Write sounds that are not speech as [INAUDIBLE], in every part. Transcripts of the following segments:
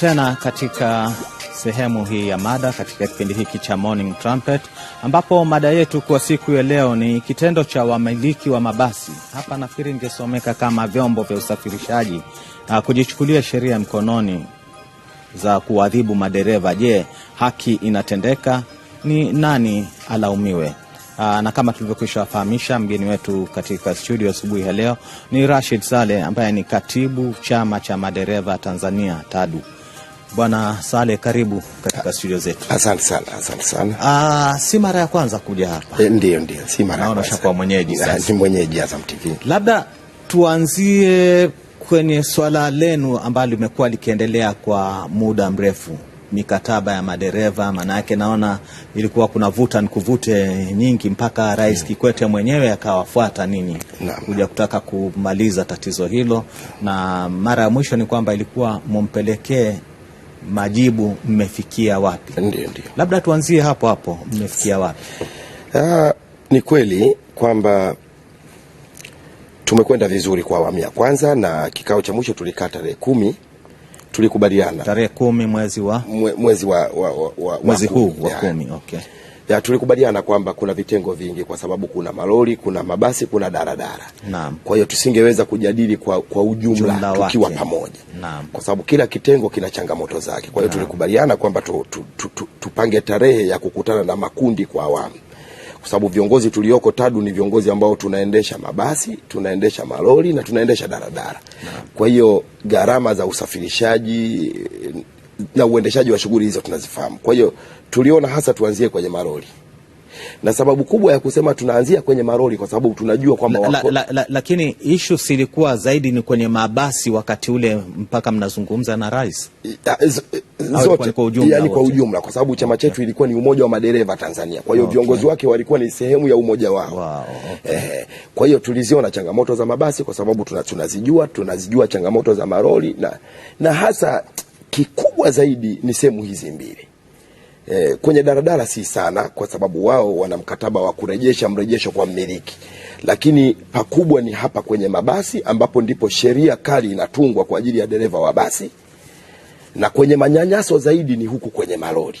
tena katika sehemu hii ya mada katika kipindi hiki cha Morning Trumpet, ambapo mada yetu kwa siku ya leo ni kitendo cha wamiliki wa mabasi, hapa nafikiri ingesomeka kama vyombo vya usafirishaji, ah, kujichukulia sheria mkononi za kuadhibu madereva. Je, haki inatendeka? Ni nani alaumiwe? Aa, ah, na kama tulivyokwisha wafahamisha mgeni wetu katika studio asubuhi ya leo ni Rashid Saleh ambaye ni katibu chama cha madereva Tanzania TADU. Bwana Sale, karibu katika studio zetu. Asante sana, asante sana. Ah, si mara ya kwanza kuja hapa. E, ndio ndio, si mara ya kwanza. Naona kwa mwenyeji ah, sasa. Ni mwenyeji Azam TV. Labda tuanzie kwenye swala lenu ambalo limekuwa likiendelea kwa muda mrefu, mikataba ya madereva. yake naona ilikuwa kuna vuta nikuvute nyingi mpaka Rais hmm. Kikwete mwenyewe akawafuata nini kuja kutaka kumaliza tatizo hilo, na mara ya mwisho ni kwamba ilikuwa mumpelekee majibu mmefikia wapi? Ndio, ndio, labda tuanzie hapo hapo, mmefikia wapi? Aa, ah, ni kweli kwamba tumekwenda vizuri kwa awamu ya kwanza, na kikao cha mwisho tulikaa tarehe kumi tulikubaliana tarehe kumi mwezi wa mwezi wa, wa, wa, wa, mwezi huu wa kumi, okay ya tulikubaliana kwamba kuna vitengo vingi, kwa sababu kuna malori, kuna mabasi, kuna daradara. Naam. Kwa hiyo tusingeweza kujadili kwa, kwa ujumla tukiwa pamoja. Naam. Kwa sababu kila kitengo kina changamoto zake. Kwa hiyo tulikubaliana kwamba tu, tu, tu, tu, tupange tarehe ya kukutana na makundi kwa awamu kwa sababu viongozi tulioko TADU ni viongozi ambao tunaendesha mabasi, tunaendesha malori na tunaendesha daradara. Kwa hiyo gharama za usafirishaji na uendeshaji wa shughuli hizo tunazifahamu. Kwa hiyo tuliona hasa tuanzie kwenye maroli na sababu kubwa ya kusema tunaanzia kwenye maroli kwa sababu tunajua kwamba wako... la, la, la, lakini ishu silikuwa zaidi ni kwenye mabasi wakati ule mpaka mnazungumza na rais e, zote kwa ujumla, yani kwa ujumla, kwa sababu chama chetu ilikuwa ni umoja wa madereva Tanzania. Kwa hiyo okay, viongozi wake walikuwa ni sehemu ya umoja wao. Wow, okay. e, kwa hiyo tuliziona changamoto za mabasi kwa sababu tunazijua, tunazijua changamoto za maroli na, na hasa kikubwa zaidi ni sehemu hizi mbili E, kwenye daladala si sana, kwa sababu wao wana mkataba wa kurejesha mrejesho kwa mmiliki, lakini pakubwa ni hapa kwenye mabasi ambapo ndipo sheria kali inatungwa kwa ajili ya dereva wa basi, na kwenye manyanyaso zaidi ni huku kwenye malori.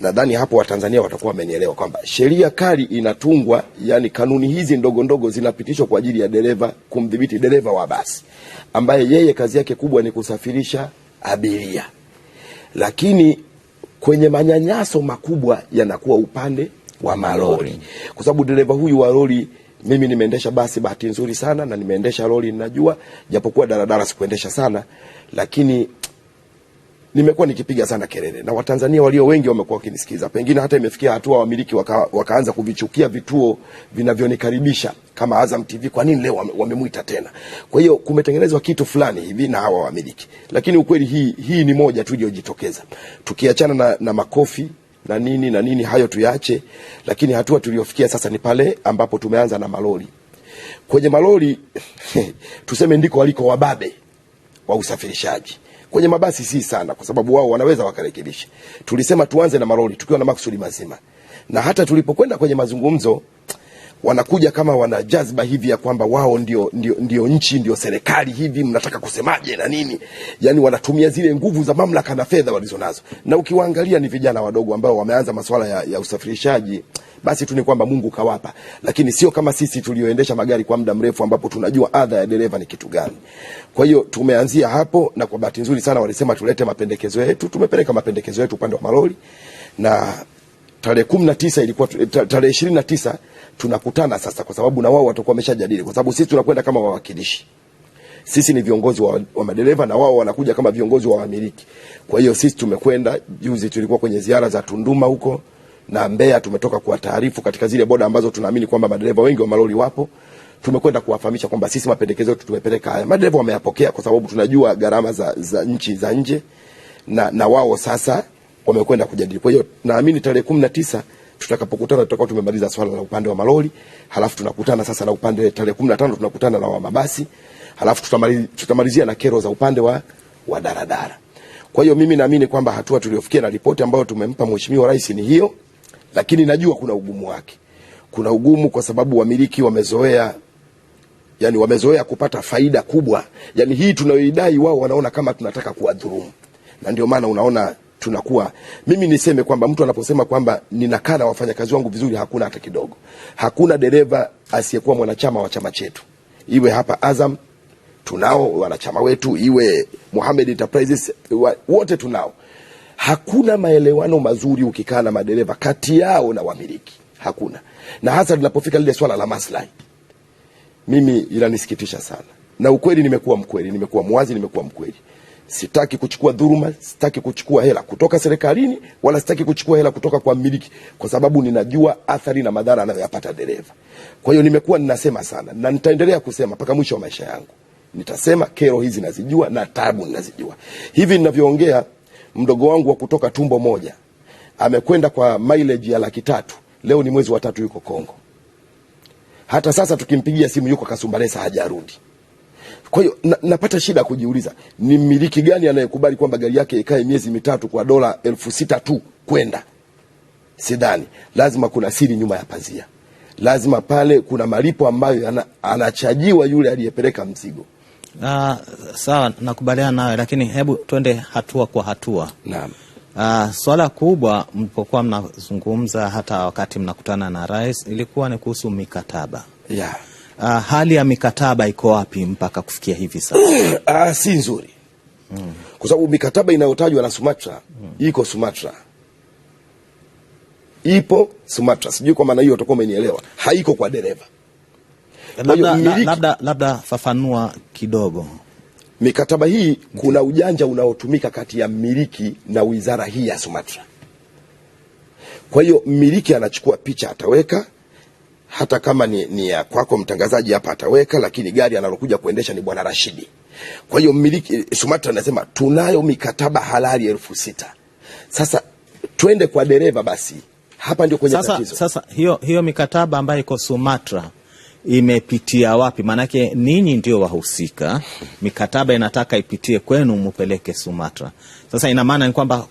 Nadhani na hapo Watanzania watakuwa wamenielewa kwamba sheria kali inatungwa, yani kanuni hizi ndogo ndogo zinapitishwa kwa ajili ya dereva, kumdhibiti dereva wa basi ambaye yeye kazi yake kubwa ni kusafirisha abiria, lakini kwenye manyanyaso makubwa yanakuwa upande wa malori, kwa sababu dereva huyu wa lori mimi nimeendesha basi bahati nzuri sana na nimeendesha lori, ninajua japokuwa daradara sikuendesha sana, lakini nimekuwa nikipiga sana kelele na Watanzania walio wengi wamekuwa wakinisikiza. Pengine hata imefikia hatua wamiliki waka, wakaanza kuvichukia vituo vinavyonikaribisha kama Azam TV. Kwa nini leo wamemwita tena? Kwa hiyo kumetengenezwa kitu fulani hivi na hawa wamiliki, lakini ukweli hii, hii ni moja tu iliyojitokeza. Tukiachana na, na makofi na nini na nini, hayo tuyaache, lakini hatua tuliyofikia sasa ni pale ambapo tumeanza na malori. Kwenye malori [LAUGHS] tuseme ndiko waliko wababe wa usafirishaji Kwenye mabasi si sana, kwa sababu wao wanaweza wakarekebisha. Tulisema tuanze na maroli tukiwa na maksudi mazima, na hata tulipokwenda kwenye mazungumzo wanakuja kama wana jazba hivi ya kwamba wao ndio, ndio, ndio nchi ndio serikali hivi, mnataka kusemaje na nini? Yani wanatumia zile nguvu za mamlaka na fedha walizonazo, na ukiwaangalia ni vijana wadogo ambao wameanza masuala ya, ya usafirishaji basi tu ni kwamba Mungu kawapa, lakini sio kama sisi tulioendesha magari kwa muda mrefu ambapo tunajua adha ya dereva ni kitu gani. Kwa hiyo tumeanzia hapo, na kwa bahati nzuri sana walisema tulete mapendekezo yetu. Tumepeleka mapendekezo yetu upande wa malori na tarehe kumi na tisa ilikuwa eh, tarehe ishirini na tisa tunakutana sasa, kwa sababu na wao watakuwa wameshajadili, kwa sababu sisi tunakwenda kama wawakilishi, sisi ni viongozi wa, wa madereva na wao wanakuja kama viongozi wa wamiliki. Kwa hiyo sisi tumekwenda juzi, tulikuwa kwenye ziara za Tunduma huko na Mbeya, tumetoka kwa taarifu katika zile boda ambazo tunaamini kwamba madereva wengi wa malori wapo tumekwenda kuwafahamisha kwamba sisi mapendekezo yetu tumepeleka haya. Madereva wameyapokea kwa sababu tunajua gharama za, za nchi za nje na, na wao sasa wamekwenda kujadili. Kwa hiyo naamini tarehe kumi na tisa tutakapokutana tutakuwa tumemaliza swala la upande wa malori, halafu tunakutana sasa na upande tarehe kumi na tano tunakutana na wa mabasi, halafu tutamalizia, tutamalizia na kero za upande wa, wa daradara. Kwa hiyo mimi naamini kwamba hatua tuliofikia na ripoti ambayo tumempa Mheshimiwa Rais ni hiyo, lakini najua kuna ugumu wake. Kuna ugumu kwa sababu wamiliki wamezoea yani wamezoea kupata faida kubwa, yani hii tunayoidai wao wanaona kama tunataka kuwadhulumu, na ndio maana unaona tunakuwa mimi niseme kwamba mtu anaposema kwamba ninakaa na wafanyakazi wangu vizuri, hakuna hata kidogo. Hakuna dereva asiyekuwa mwanachama wa chama chetu, iwe hapa Azam tunao wanachama wetu, iwe Mohamed Enterprises wote tunao. Hakuna maelewano mazuri ukikaa na madereva kati yao na wamiliki, hakuna, na hasa linapofika lile swala la maslahi. Mimi inanisikitisha sana, na ukweli, nimekuwa mkweli, nimekuwa mwazi, nimekuwa mkweli Sitaki kuchukua dhuluma, sitaki kuchukua hela kutoka serikalini, wala sitaki kuchukua hela kutoka kwa mmiliki, kwa sababu ninajua athari na madhara anayoyapata dereva. Kwa hiyo nimekuwa ninasema sana na nitaendelea kusema mpaka mwisho wa maisha yangu. Nitasema kero hizi nazijua na tabu ninazijua. Hivi ninavyoongea, mdogo wangu wa kutoka tumbo moja amekwenda kwa mileji ya laki tatu. Leo ni mwezi wa tatu, yuko Kongo. Hata sasa tukimpigia simu yuko Kasumbalesa, hajarudi. Kwa hiyo na, napata shida kujiuliza ni mmiliki gani anayekubali kwamba gari yake ikae miezi mitatu kwa dola elfu sita tu kwenda. Sidhani. Lazima kuna siri nyuma ya pazia, lazima pale kuna malipo ambayo ana, anachajiwa yule aliyepeleka mzigo. Uh, sawa, nakubaliana nawe, lakini hebu twende hatua kwa hatua. Naam. Uh, swala kubwa mlipokuwa mnazungumza hata wakati mnakutana na rais ilikuwa ni kuhusu mikataba yeah uh, hali ya mikataba iko wapi mpaka kufikia hivi sasa? Uh, [CLEARS THROAT] si nzuri mm. kwa sababu mikataba inayotajwa na Sumatra mm. iko Sumatra ipo Sumatra, sijui kwa maana hiyo utakuwa umenielewa. Haiko kwa dereva. Labda, miliki... labda, labda fafanua kidogo mikataba hii okay. Kuna ujanja unaotumika kati ya mmiliki na wizara hii ya Sumatra. Kwa hiyo mmiliki anachukua picha ataweka hata kama ni, ni ya kwako mtangazaji hapa ataweka, lakini gari analokuja kuendesha ni bwana Rashidi. Kwa hiyo mmiliki SUMATRA anasema tunayo mikataba halali elfu sita. Sasa twende kwa dereva basi, hapa ndio kwenye sasa, tatizo. Sasa hiyo, hiyo mikataba ambayo iko SUMATRA imepitia wapi? Maanake ninyi ndio wahusika, [LAUGHS] mikataba inataka ipitie kwenu mupeleke SUMATRA. Sasa ina maana ni kwamba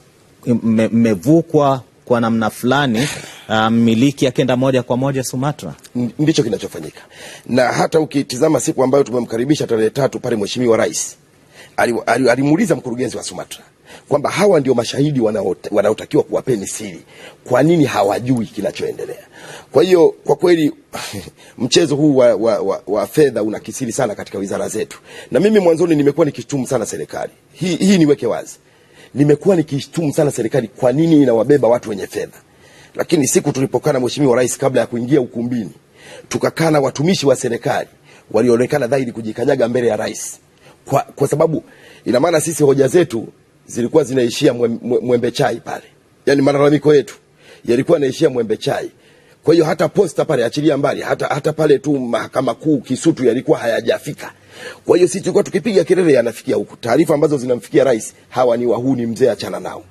mmevukwa kwa namna fulani [LAUGHS] mmiliki ah, um, akenda moja kwa moja Sumatra. Ndicho kinachofanyika, na hata ukitizama siku ambayo tumemkaribisha tarehe tatu pale Mheshimiwa Rais alimuuliza mkurugenzi wa Sumatra kwamba hawa ndio mashahidi wanaotakiwa kuwapeni siri, kwa nini hawajui kinachoendelea? Kwa hiyo kwa kweli [LAUGHS] mchezo huu wa, wa, wa, wa fedha una kisiri sana katika wizara zetu, na mimi mwanzoni nimekuwa nikishtumu sana serikali hii, hii niweke wazi, nimekuwa nikishtumu sana serikali, kwa nini inawabeba watu wenye fedha lakini siku tulipokaa na mheshimiwa rais kabla ya kuingia ukumbini, tukakaa na watumishi wa serikali walioonekana dhahiri kujikanyaga mbele ya rais kwa, kwa sababu ina maana sisi hoja zetu zilikuwa zinaishia mwembe chai pale, yani malalamiko yetu yalikuwa yanaishia mwembe chai. Kwa hiyo hata posta pale achilia mbali, hata, hata pale tu mahakama kuu Kisutu yalikuwa hayajafika. Kwa hiyo sisi tulikuwa tukipiga kelele, yanafikia huku taarifa ambazo zinamfikia rais, hawa ni wahuni, mzee achana nao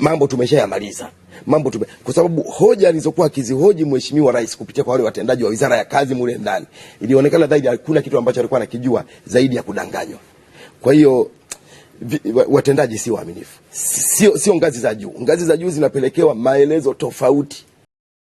mambo tumeshayamaliza mambo tume, kwa sababu hoja alizokuwa akizihoji mheshimiwa rais kupitia kwa wale watendaji wa wizara ya kazi mule ndani, ilionekana dhahiri hakuna kitu ambacho alikuwa anakijua zaidi ya kudanganywa. Kwa hiyo watendaji si waaminifu, sio sio ngazi za juu. Ngazi za juu zinapelekewa maelezo tofauti